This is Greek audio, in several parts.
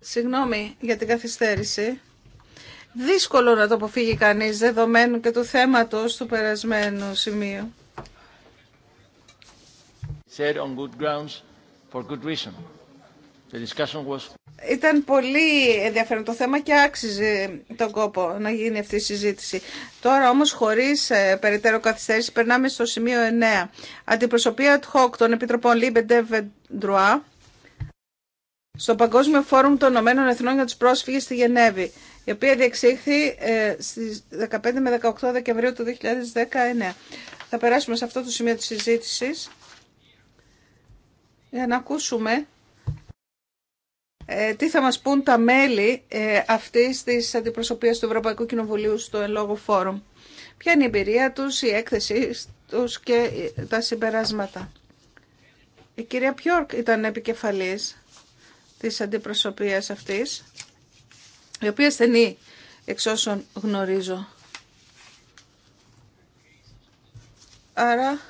Συγγνώμη για την καθυστέρηση. Δύσκολο να το αποφύγει κανείς δεδομένου και του θέματος του περασμένου σημείου. Ήταν πολύ ενδιαφέρον το θέμα και άξιζε τον κόπο να γίνει αυτή η συζήτηση. Τώρα όμως χωρίς ε, περαιτέρω καθυστέρηση περνάμε στο σημείο 9. Αντιπροσωπεία του hoc των Επιτροπών Λίμπεντε Βεντρουά στο Παγκόσμιο Φόρουμ των Ηνωμένων Εθνών για τους Πρόσφυγες στη Γενέβη, η οποία διεξήχθη ε, στις 15 με 18 Δεκεμβρίου του 2019. Θα περάσουμε σε αυτό το σημείο της συζήτησης για να ακούσουμε ε, τι θα μας πούν τα μέλη ε, αυτής της αντιπροσωπείας του Ευρωπαϊκού Κοινοβουλίου στο λόγω Φόρουμ. Ποια είναι η εμπειρία τους, η έκθεση τους και τα συμπεράσματα. Η κυρία Πιόρκ ήταν επικεφαλής της αντιπροσωπείας αυτής, η οποία στενή εξ όσων γνωρίζω. Άρα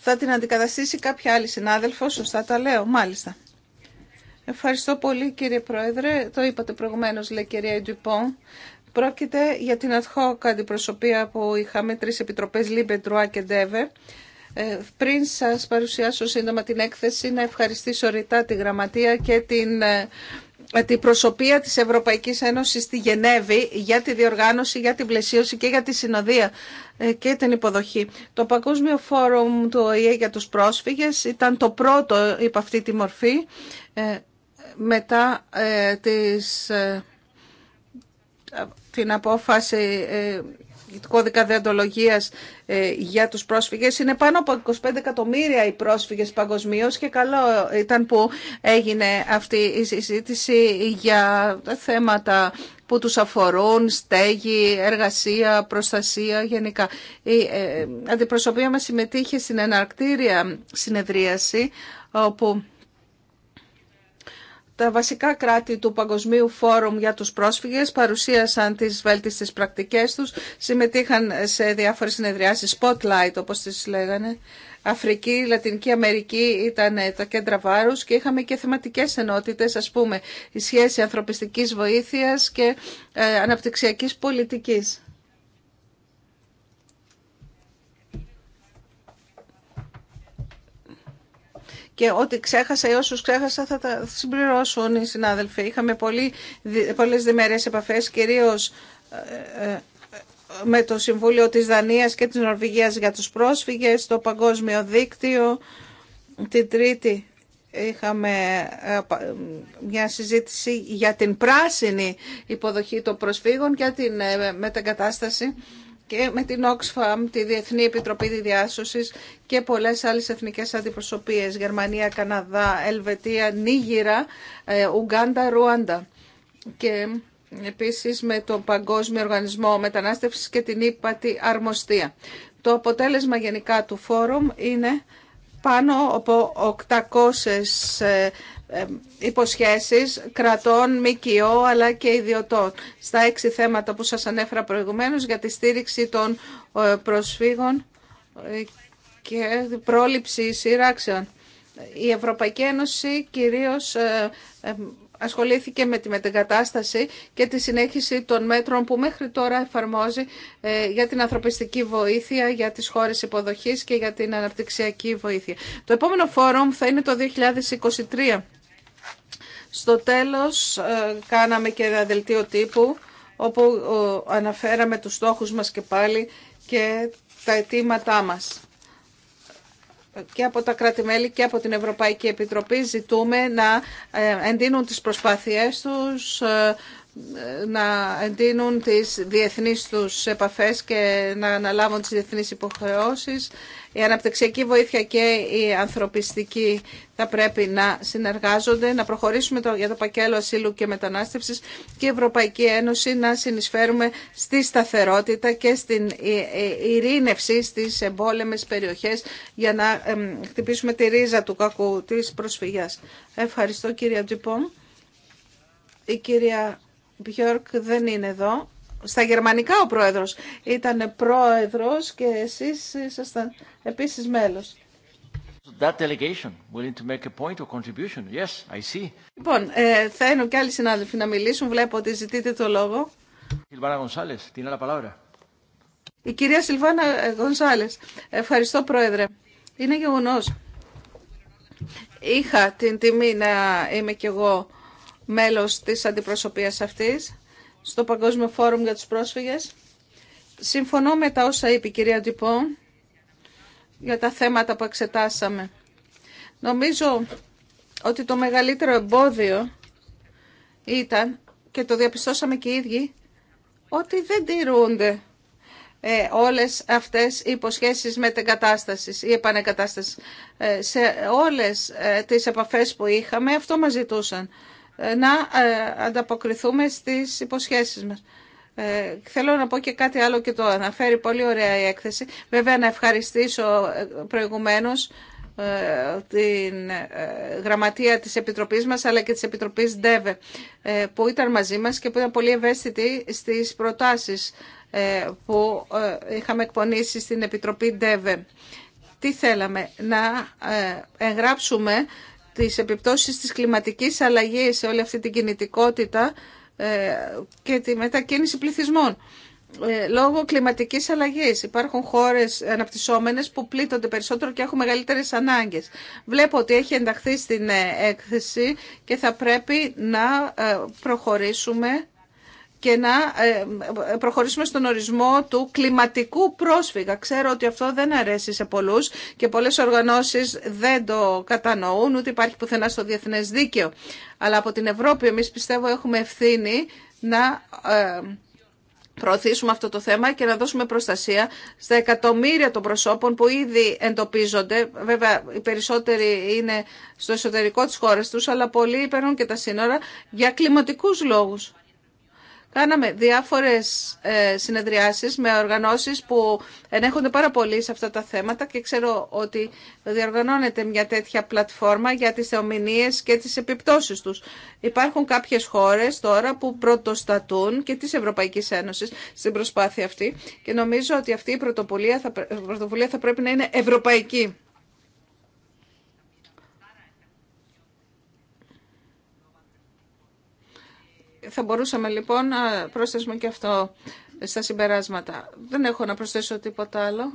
θα την αντικαταστήσει κάποια άλλη συνάδελφο, σωστά τα λέω, μάλιστα. Ευχαριστώ πολύ κύριε Πρόεδρε. Το είπατε προηγουμένω, λέει κυρία Ντουπον. Πρόκειται για την ad αντιπροσωπεία που είχαμε τρεις επιτροπές Λίμπε, Ντρουά και Ντέβε. Ε, πριν σα παρουσιάσω σύντομα την έκθεση, να ευχαριστήσω ρητά τη Γραμματεία και την ε, τη προσωπία της Ευρωπαϊκής Ένωση στη Γενέβη για τη διοργάνωση, για την πλαισίωση και για τη συνοδεία ε, και την υποδοχή. Το Παγκόσμιο Φόρουμ του ΟΗΕ για τους πρόσφυγες ήταν το πρώτο υπ' αυτή τη μορφή μετά ε, ε, την απόφαση ε, του κώδικα ε, για τους πρόσφυγες. Είναι πάνω από 25 εκατομμύρια οι πρόσφυγες παγκοσμίως και καλό ήταν που έγινε αυτή η συζήτηση για θέματα που τους αφορούν, στέγη, εργασία, προστασία γενικά. Η ε, αντιπροσωπεία μας συμμετείχε στην εναρκτήρια συνεδρίαση όπου τα βασικά κράτη του Παγκοσμίου Φόρουμ για τους πρόσφυγες παρουσίασαν τις βέλτιστες πρακτικές τους, συμμετείχαν σε διάφορες συνεδριάσεις spotlight όπως τις λέγανε. Αφρική, Λατινική Αμερική ήταν τα κέντρα βάρους και είχαμε και θεματικές ενότητες, ας πούμε, η σχέση ανθρωπιστικής βοήθειας και ε, αναπτυξιακής πολιτικής. και ό,τι ξέχασα ή όσους ξέχασα θα τα συμπληρώσουν οι συνάδελφοι. Είχαμε πολύ, πολλές διμερές επαφές, κυρίως ε, ε, με το Συμβούλιο της Δανίας και της Νορβηγίας για τους πρόσφυγες, το Παγκόσμιο Δίκτυο. Την Τρίτη είχαμε ε, μια συζήτηση για την πράσινη υποδοχή των προσφύγων, για την μετακατάσταση και με την Oxfam, τη Διεθνή Επιτροπή Διδιάσωσης και πολλές άλλες εθνικές αντιπροσωπείες, Γερμανία, Καναδά, Ελβετία, Νίγηρα, ε, Ουγκάντα, Ρουάντα. Και επίσης με τον Παγκόσμιο Οργανισμό Μετανάστευσης και την Ήπατη Αρμοστία. Το αποτέλεσμα γενικά του φόρουμ είναι πάνω από 800 ε, ε, υποσχέσεις κρατών, ΜΚΟ αλλά και ιδιωτών στα έξι θέματα που σας ανέφερα προηγουμένως για τη στήριξη των ε, προσφύγων και πρόληψη σειράξεων. Η Ευρωπαϊκή Ένωση κυρίως ασχολήθηκε με τη μετεγκατάσταση και τη συνέχιση των μέτρων που μέχρι τώρα εφαρμόζει ε, για την ανθρωπιστική βοήθεια, για τις χώρες υποδοχής και για την αναπτυξιακή βοήθεια. Το επόμενο φόρουμ θα είναι το 2023. Στο τέλος ε, κάναμε και ένα δελτίο τύπου όπου ε, αναφέραμε τους στόχους μας και πάλι και τα αιτήματά μας και από τα κράτη-μέλη και από την Ευρωπαϊκή Επιτροπή ζητούμε να ε, εντείνουν τις προσπάθειές τους ε, να εντείνουν τις διεθνείς τους επαφές και να αναλάβουν τις διεθνείς υποχρεώσεις. Η αναπτυξιακή βοήθεια και η ανθρωπιστική θα πρέπει να συνεργάζονται, να προχωρήσουμε για το πακέλο ασύλου και μετανάστευσης και η Ευρωπαϊκή Ένωση να συνεισφέρουμε στη σταθερότητα και στην ε, ε, ειρήνευση στις εμπόλεμες περιοχές για να χτυπήσουμε τη ρίζα του κακού της προσφυγιάς. Ευχαριστώ κύριε Τζιπόν. Η κυρία Μπιόρκ δεν είναι εδώ. Στα γερμανικά ο πρόεδρος. Ήταν πρόεδρος και εσείς ήσασταν επίσης μέλος. That delegation willing to make a point or contribution. Yes, I see. Λοιπόν, ε, θα είναι και άλλοι συνάδελφοι να μιλήσουν. Βλέπω ότι ζητείτε το λόγο. Η κυρία Σιλβάνα Γονσάλες. Ευχαριστώ, Πρόεδρε. Είναι γεγονός. Είχα την τιμή να είμαι κι εγώ μέλος της αντιπροσωπείας αυτής στο Παγκόσμιο Φόρουμ για τους Πρόσφυγες. Συμφωνώ με τα όσα είπε η κυρία Ντυπών για τα θέματα που εξετάσαμε. Νομίζω ότι το μεγαλύτερο εμπόδιο ήταν, και το διαπιστώσαμε και οι ίδιοι, ότι δεν τηρούνται ε, όλες αυτές οι υποσχέσεις κατάσταση, ή επανεκατάσταση ε, σε όλες ε, τις επαφές που είχαμε αυτό μας ζητούσαν να ε, ανταποκριθούμε στις υποσχέσεις μας. Ε, θέλω να πω και κάτι άλλο και το αναφέρει πολύ ωραία η έκθεση. Βέβαια να ευχαριστήσω ε, προηγουμένως ε, την γραμματεία της Επιτροπής μας αλλά και της Επιτροπής ΔΕΒΕ που ήταν μαζί μας και που ήταν πολύ ευαίσθητη στις προτάσεις που είχαμε εκπονήσει στην Επιτροπή ΔΕΒΕ. Τι θέλαμε, να εγγράψουμε τις επιπτώσεις της κλιματικής αλλαγής σε όλη αυτή την κινητικότητα ε, και τη μετακίνηση πληθυσμών. Ε, λόγω κλιματικής αλλαγής υπάρχουν χώρες αναπτυσσόμενες που πλήττονται περισσότερο και έχουν μεγαλύτερες ανάγκες. Βλέπω ότι έχει ενταχθεί στην ε, έκθεση και θα πρέπει να προχωρήσουμε και να ε, ε, προχωρήσουμε στον ορισμό του κλιματικού πρόσφυγα. Ξέρω ότι αυτό δεν αρέσει σε πολλούς και πολλές οργανώσεις δεν το κατανοούν, ούτε υπάρχει πουθενά στο διεθνές δίκαιο. Αλλά από την Ευρώπη εμείς πιστεύω έχουμε ευθύνη να ε, προωθήσουμε αυτό το θέμα και να δώσουμε προστασία στα εκατομμύρια των προσώπων που ήδη εντοπίζονται. Βέβαια, οι περισσότεροι είναι στο εσωτερικό της χώρας τους, αλλά πολλοί παίρνουν και τα σύνορα για κλιματικούς λόγους. Κάναμε διάφορες ε, συνεδριάσεις με οργανώσεις που ενέχονται πάρα πολύ σε αυτά τα θέματα και ξέρω ότι διοργανώνεται μια τέτοια πλατφόρμα για τις θεομηνίες και τις επιπτώσεις τους. Υπάρχουν κάποιες χώρες τώρα που πρωτοστατούν και της Ευρωπαϊκής Ένωσης στην προσπάθεια αυτή και νομίζω ότι αυτή η πρωτοβουλία θα, πρωτοβουλία θα πρέπει να είναι ευρωπαϊκή. Θα μπορούσαμε λοιπόν να προσθέσουμε και αυτό στα συμπεράσματα. Δεν έχω να προσθέσω τίποτα άλλο.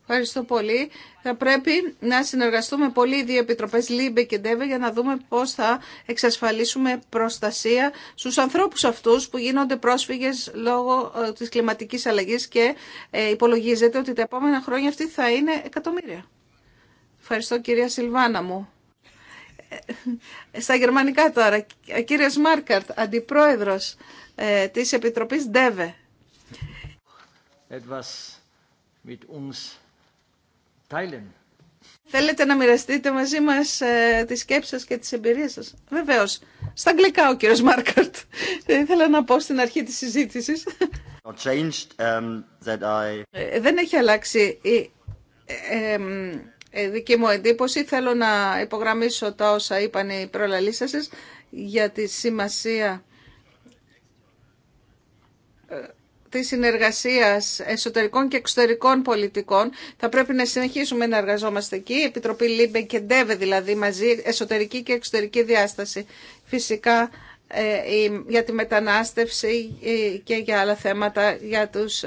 Ευχαριστώ πολύ. Θα πρέπει να συνεργαστούμε πολύ οι δύο επιτροπές ΛΥΜΠΕ και ΝΤΕΒΕ για να δούμε πώς θα εξασφαλίσουμε προστασία στους ανθρώπους αυτούς που γίνονται πρόσφυγες λόγω ε, της κλιματικής αλλαγής και ε, υπολογίζεται ότι τα επόμενα χρόνια αυτή θα είναι εκατομμύρια. Ευχαριστώ κυρία Σιλβάνα μου στα γερμανικά τώρα, ο κύριος Μάρκαρτ, αντιπρόεδρος ε, της Επιτροπής ΔΕΒΕ. Θέλετε να μοιραστείτε μαζί μας ε, τις σκέψεις σας και τις εμπειρίες σας. Βεβαίως, στα αγγλικά ο κύριος Μάρκαρτ. Ε, ήθελα να πω στην αρχή της συζήτησης. Um, ε, δεν έχει αλλάξει η... Ε, ε, δική μου εντύπωση. Θέλω να υπογραμμίσω τα όσα είπαν οι προλαλήσασες για τη σημασία ε, της συνεργασίας εσωτερικών και εξωτερικών πολιτικών. Θα πρέπει να συνεχίσουμε να εργαζόμαστε εκεί. Η Επιτροπή ΛΥΜΠΕ και ΝΤΕΒΕ δηλαδή μαζί, εσωτερική και εξωτερική διάσταση. Φυσικά ε, για τη μετανάστευση και για άλλα θέματα για τους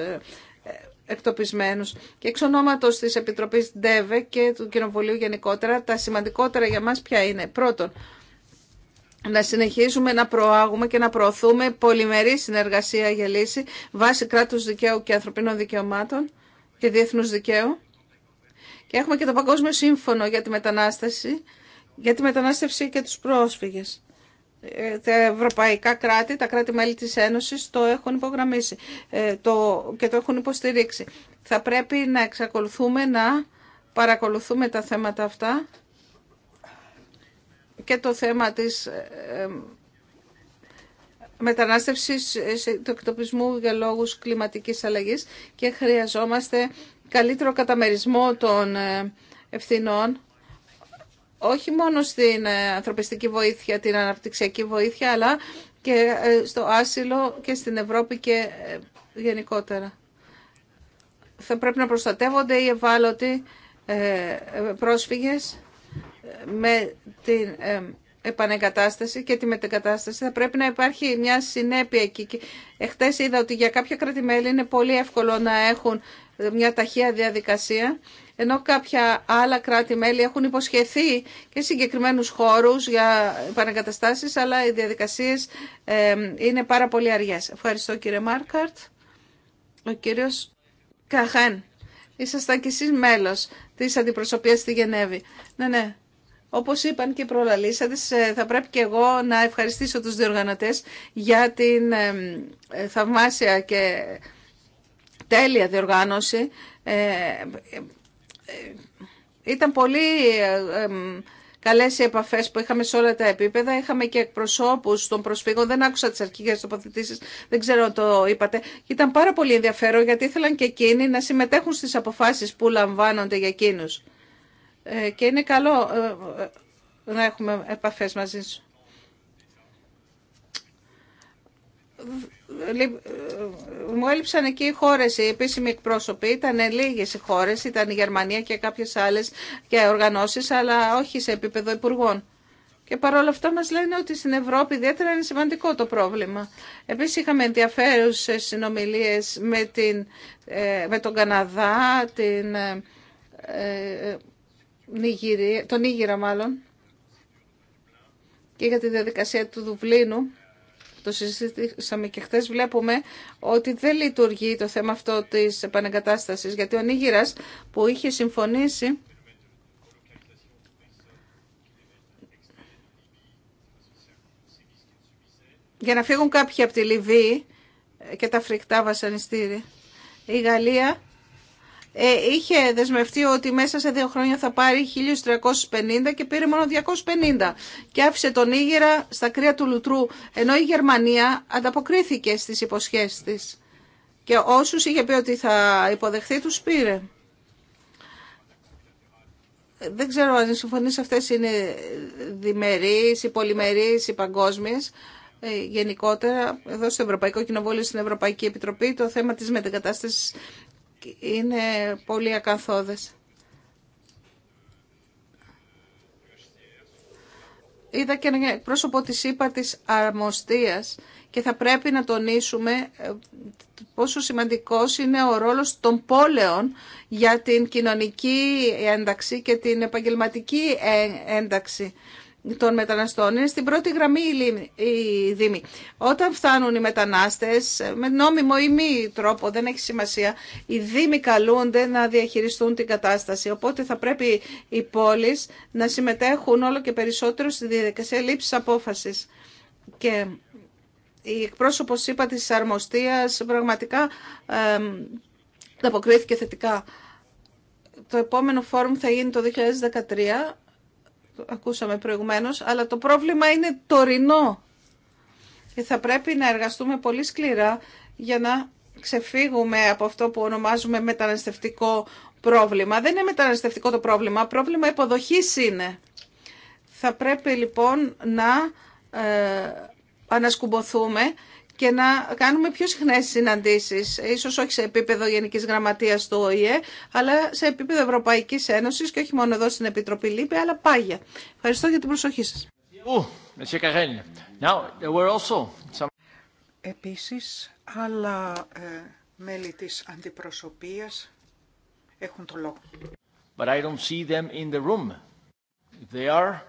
εκτοπισμένους. Και εξ ονόματος της Επιτροπής ΔΕΒΕ και του Κοινοβουλίου γενικότερα, τα σημαντικότερα για μας ποια είναι. Πρώτον, να συνεχίζουμε να προάγουμε και να προωθούμε πολυμερή συνεργασία για λύση βάσει κράτους δικαίου και ανθρωπίνων δικαιωμάτων και διεθνούς δικαίου. Και έχουμε και το Παγκόσμιο Σύμφωνο για τη Μετανάστευση, για τη μετανάστευση και τους πρόσφυγες τα ευρωπαϊκά κράτη, τα κράτη-μέλη της Ένωσης το έχουν υπογραμμίσει ε, το, και το έχουν υποστηρίξει. Θα πρέπει να εξακολουθούμε να παρακολουθούμε τα θέματα αυτά και το θέμα της ε, ε, μετανάστευσης του εκτοπισμού για λόγους κλιματικής αλλαγής και χρειαζόμαστε καλύτερο καταμερισμό των ευθυνών όχι μόνο στην ε, ανθρωπιστική βοήθεια, την αναπτυξιακή βοήθεια, αλλά και ε, στο άσυλο και στην Ευρώπη και ε, γενικότερα. Θα πρέπει να προστατεύονται οι ευάλωτοι πρόσφυγες με την επανεγκατάσταση και τη μετεγκατάσταση. Θα πρέπει να υπάρχει μια συνέπεια εκεί. Εχθές είδα ότι για κάποια κρατημέλη είναι πολύ εύκολο να έχουν μια ταχεία διαδικασία ενώ κάποια άλλα κράτη-μέλη έχουν υποσχεθεί και συγκεκριμένους χώρους για επανεγκαταστάσεις, αλλά οι διαδικασίες είναι πάρα πολύ αργές. Ευχαριστώ κύριε Μάρκαρτ. Ο κύριος Καχέν, ήσασταν και εσείς μέλος της αντιπροσωπείας στη Γενέβη. Ναι, ναι. Όπως είπαν και οι προλαλήσαντες, ε, θα πρέπει και εγώ να ευχαριστήσω τους διοργανωτές για την ε, θαυμάσια και τέλεια διοργάνωση ε, ε, ήταν πολύ ε, καλές οι επαφές που είχαμε σε όλα τα επίπεδα. Είχαμε και εκπροσώπους των προσφύγων. Δεν άκουσα τις αρχικές τοποθετήσεις, δεν ξέρω αν το είπατε. Ήταν πάρα πολύ ενδιαφέρον γιατί ήθελαν και εκείνοι να συμμετέχουν στις αποφάσεις που λαμβάνονται για εκείνους. Ε, και είναι καλό να έχουμε επαφές μαζί σου. μου έλειψαν εκεί οι χώρε, οι επίσημοι εκπρόσωποι. Ήταν λίγε οι χώρε, ήταν η Γερμανία και κάποιε άλλε και οργανώσει, αλλά όχι σε επίπεδο υπουργών. Και παρόλα αυτά μας λένε ότι στην Ευρώπη ιδιαίτερα είναι σημαντικό το πρόβλημα. Επίσης είχαμε ενδιαφέρουσες συνομιλίες με, ε, με τον Καναδά, την, ε, ε, τον Νίγηρα μάλλον, και για τη διαδικασία του Δουβλίνου το συζήτησαμε και χθε βλέπουμε ότι δεν λειτουργεί το θέμα αυτό της επανεγκατάσταση. γιατί ο Νίγηρα που είχε συμφωνήσει για να φύγουν κάποιοι από τη Λιβύη και τα φρικτά βασανιστήρια. Η Γαλλία ε, είχε δεσμευτεί ότι μέσα σε δύο χρόνια θα πάρει 1.350 και πήρε μόνο 250 και άφησε τον Ήγερα στα κρύα του Λουτρού, ενώ η Γερμανία ανταποκρίθηκε στις υποσχέσεις της και όσους είχε πει ότι θα υποδεχθεί τους πήρε. Δεν ξέρω αν οι συμφωνίες αυτές είναι διμερείς ή πολυμερείς ή παγκόσμιες ε, γενικότερα εδώ στο Ευρωπαϊκό Κοινοβούλιο, στην Ευρωπαϊκή Επιτροπή, το θέμα της μετεγκατάστασης είναι πολύ ακαθόδες. Είδα και ένα πρόσωπο της ΥΠΑ της Αρμοστίας και θα πρέπει να τονίσουμε ε, πόσο σημαντικός είναι ο ρόλος των πόλεων για την κοινωνική ένταξη και την επαγγελματική ε, ένταξη των μεταναστών. Είναι στην πρώτη γραμμή η Δήμη. Όταν φτάνουν οι μετανάστες, με νόμιμο ή μη τρόπο, δεν έχει σημασία, οι Δήμοι καλούνται να διαχειριστούν την κατάσταση. Οπότε θα πρέπει οι πόλεις να συμμετέχουν όλο και περισσότερο στη διαδικασία λήψη απόφασης. Και η εκπρόσωπος, είπα, της αρμοστίας πραγματικά αποκρίθηκε θετικά. Το επόμενο φόρουμ θα γίνει το 2013 ακούσαμε προηγουμένως, αλλά το πρόβλημα είναι τωρινό. Και θα πρέπει να εργαστούμε πολύ σκληρά για να ξεφύγουμε από αυτό που ονομάζουμε μεταναστευτικό πρόβλημα. Δεν είναι μεταναστευτικό το πρόβλημα, πρόβλημα υποδοχής είναι. Θα πρέπει λοιπόν να ε, ανασκουμποθούμε και να κάνουμε πιο συχνές συναντήσεις, ίσως όχι σε επίπεδο γενική Γραμματείας του ΟΗΕ, αλλά σε επίπεδο Ευρωπαϊκής Ένωση και όχι μόνο εδώ στην Επιτροπή Λύπη, αλλά πάγια. Ευχαριστώ για την προσοχή σας. Επίσης, άλλα ε, μέλη τη αντιπροσωπεία έχουν το λόγο. But I don't see them in the room. They are...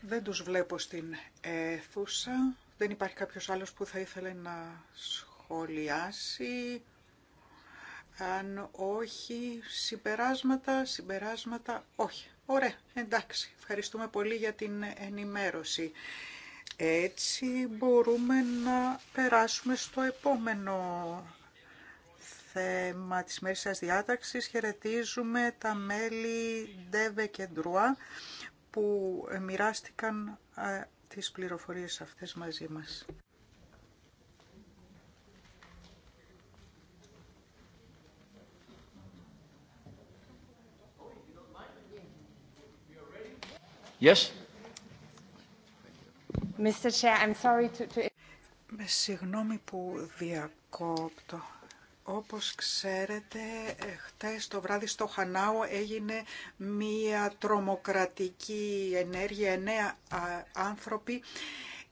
Δεν τους βλέπω στην αίθουσα. Δεν υπάρχει κάποιος άλλος που θα ήθελε να σχολιάσει. Αν όχι, συμπεράσματα, συμπεράσματα, όχι. Ωραία, εντάξει. Ευχαριστούμε πολύ για την ενημέρωση. Έτσι μπορούμε να περάσουμε στο επόμενο θέμα της μέρης σας διάταξης. Χαιρετίζουμε τα μέλη Ντέβε και Ντρουά που μοιράστηκαν ε, τις πληροφορίες αυτές μαζί μας. Yes. Mr. Chair, I'm sorry to... Με συγγνώμη που διακόπτω. Όπως ξέρετε, χτες το βράδυ στο Χανάο έγινε μία τρομοκρατική ενέργεια. Εννέα άνθρωποι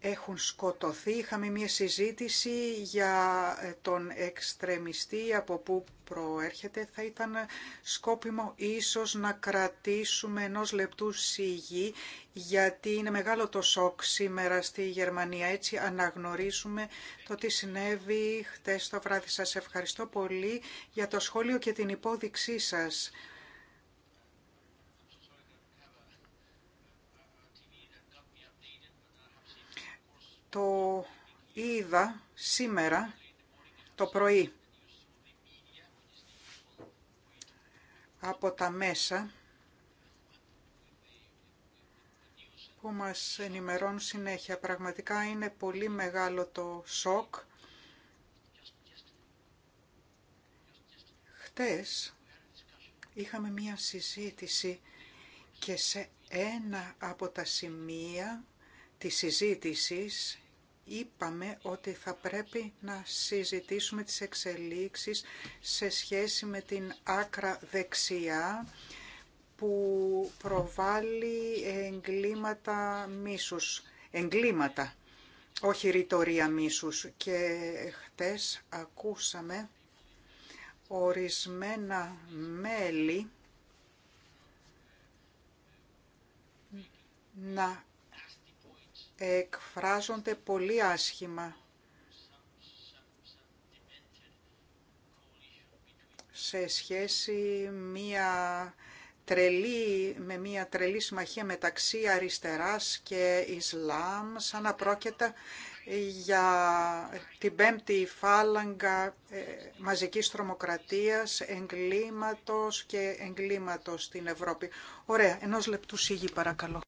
έχουν σκοτωθεί. Είχαμε μία συζήτηση για ε, τον εξτρεμιστή από που προέρχεται. Θα ήταν σκόπιμο ίσως να κρατήσουμε ενός λεπτού σιγή γιατί είναι μεγάλο το σοκ σήμερα στη Γερμανία. Έτσι αναγνωρίζουμε το τι συνέβη χτες το βράδυ. Σας ευχαριστώ πολύ για το σχόλιο και την υπόδειξή σας. Το είδα σήμερα το πρωί από τα μέσα που μας ενημερώνουν συνέχεια. Πραγματικά είναι πολύ μεγάλο το σοκ. Χτες είχαμε μία συζήτηση και σε ένα από τα σημεία Τη συζήτηση είπαμε ότι θα πρέπει να συζητήσουμε τις εξελίξεις σε σχέση με την άκρα δεξιά που προβάλλει εγκλήματα μίσους. Εγκλήματα, όχι ρητορία μίσους. Και χτες ακούσαμε ορισμένα μέλη να εκφράζονται πολύ άσχημα. σε σχέση μια τρελή, με μια τρελή συμμαχία μεταξύ αριστεράς και Ισλάμ, σαν να πρόκειται για την πέμπτη φάλαγγα ε, μαζικής τρομοκρατίας, εγκλήματος και εγκλήματος στην Ευρώπη. Ωραία, ενός λεπτού σίγη παρακαλώ.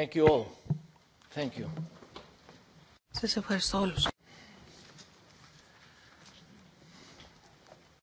Thank you all. Thank you. Σας ευχαριστώ όλους.